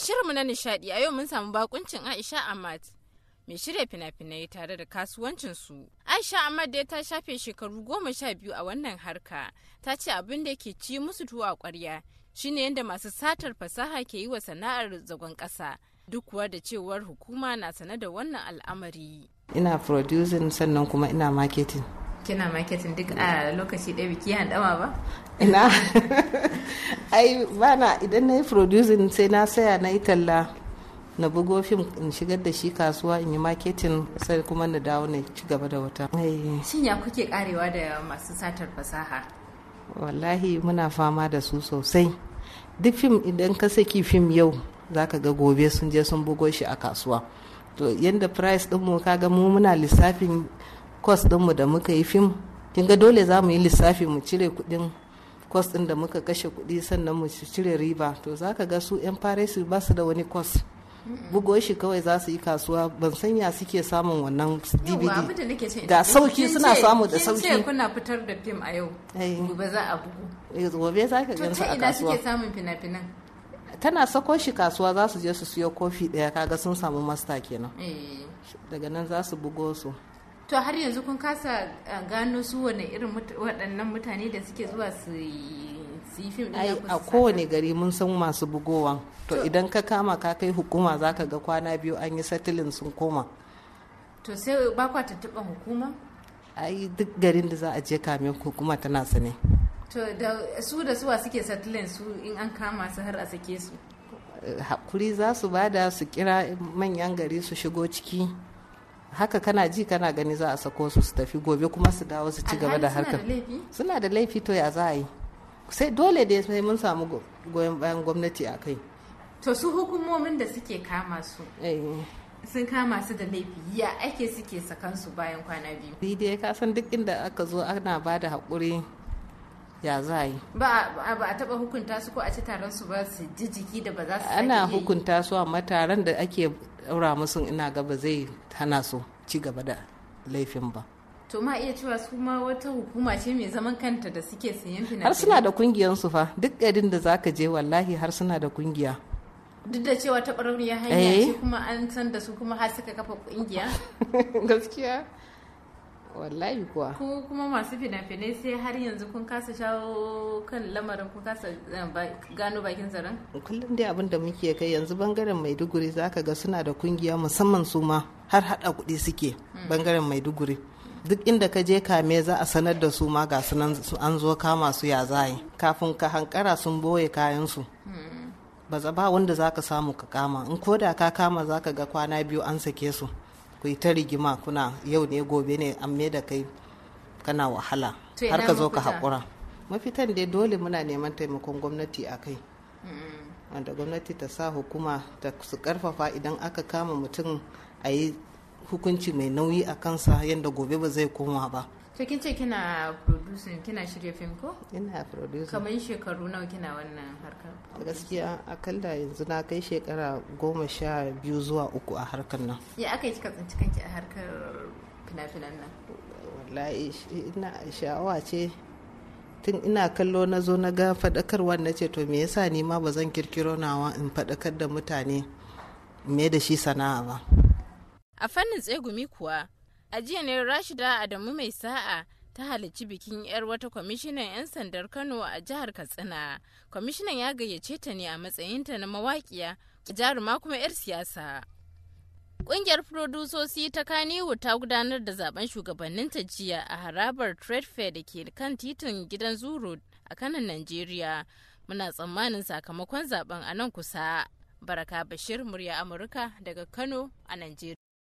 A mu na nishadi a yau mun samu bakuncin Aisha Ahmad mai shirya fina-finai tare da kasuwancin su Aisha Ahmad dai ta shafe shekaru goma sha biyu a wannan harka, ta ce abin da ke ci musu tuwa kwarya shine yadda masu satar fasaha ke yi wa sana'ar zagon ƙasa. Duk kuwa da cewar hukuma na sane da wannan al'amari. Ina producing sannan kuma ina marketing. kina marketing duk a lokaci ɗaya biki dama ba ina ai ba na idan na yi producing sai na saya na yi talla na bugo fim in shigar da shi kasuwa in yi marketing sai kuma na dawo na ci gaba da wata eh. shin ya kuke karewa da masu satar fasaha wallahi muna fama da su sosai duk fim idan ka saki fim yau zaka ga gobe sun je sun bugo shi a kasuwa to yadda price ɗinmu kaga mu muna lissafin kwas dinmu da muka yi fim kin ga dole za mu yi lissafi mu cire kudin kwas din da muka kashe kudi sannan mu cire riba to za ka ga su 'yan faresi ba su da wani kwas bugo shi kawai za su yi kasuwa ban sanya suke samun wannan dvd da sauki suna samu da sauki kin ce kuna fitar da fim a yau eh. gobe za a bugu eh, gobe za ka gansu a kasuwa to ta ina suke samun fina-finan tana sako shi kasuwa za su je su siyo kofi daya kaga sun samu masta kenan eh. daga nan za su bugo su to har yanzu kun kasa eh, gano su wane irin waɗannan mutane da suke zuwa su yi fim a kowane gari mun san masu bugowan to idan ka kama ka kai hukuma za ka ga kwana biyu an yi satilin sun koma to sai ba kwa tattaɓa hukuma ai duk garin da za a je kamin hukuma tana sane to da su da suwa suke satilin su in an kama su har a sake su eh, hakuri za su bada su kira manyan gari su shigo ciki haka kana ji kana gani za a sako su su tafi gobe kuma su dawo su ci gaba da harkar suna da laifi to ya za a yi sai dole da sai mun samu goyon bayan gwamnati a kai to su hukumomin da suke kama su eh. sun kama su da laifi ya ake suke sakan su bayan kwana biyu dai ka san duk inda aka zo ana ba da haƙuri ya za yi ba a taba hukunta su ko a ci taron su ba su ji jiki da ba za su ana hukunta su amma taron da ake daura musu ina ga ba zai hana su ci gaba da laifin ba to ma iya cewa su ma wata hukuma ce mai zaman kanta da suke sayan fina har suna da kungiyan su fa duk garin da zaka je wallahi har suna da kungiya duk da cewa ta ya hanya ce eh? kuma an san da su kuma har suka kafa kungiya gaskiya wallahi kuwa ko kuma masu fina-finai sai har yanzu kun kasa shawo kan lamarin kun kasa eh, gano bakin zaren kullum dai abin da muke kai yanzu bangaren maiduguri zaka ga suna da kungiya musamman su ma har hada kuɗi suke hmm. bangaren maiduguri duk inda ka je kame za a sanar da su ma ga su an zo kama su ya zaye kafin ka hankara sun boye kayan su hmm. ba wanda zaka samu ka kama in ko da ka kama zaka ga kwana biyu an sake su ku yi ta rigima kuna yau ne gobe ne an da kai kana wahala har ka zo ka haƙura mafitan dai dole muna neman taimakon gwamnati a kai wanda gwamnati ta sa hukuma ta su karfafa idan aka kama mutum a yi hukunci mai nauyi a kansa yadda gobe ba zai koma ba to kin ce kina producer kina shirya fim ko ina producer kamar shekaru nawa kina wannan harkar gaskiya akalla yanzu na kai shekara goma sha biyu zuwa uku a harkar nan ya aka yi kika tsinci kanki a harkar fina-finan nan wallahi ina sha'awa ce tun ina kallo na zo na ga faɗakarwa na ce to me yasa ni ma ba zan kirkiro nawa in faɗakar da mutane me da shi sana'a ba a fannin tsegumi kuwa A jiya ne Rashida Adamu mai sa'a ta halarci bikin 'yar wata kwamishinan 'yan sandar Kano a jihar Katsina. Kwamishinan ya gayyace ta ne a matsayinta na mawaƙiya, jaruma kuma 'yar siyasa. Ƙungiyar furodusosi ta Kaniwu ta gudanar da zaben ta jiya a harabar Trade Fair da ke kan titin gidan Zuru a kanan Najeriya. Muna tsammanin sakamakon zaben a nan kusa. Baraka Bashir, murya Amurka daga Kano a Najeriya.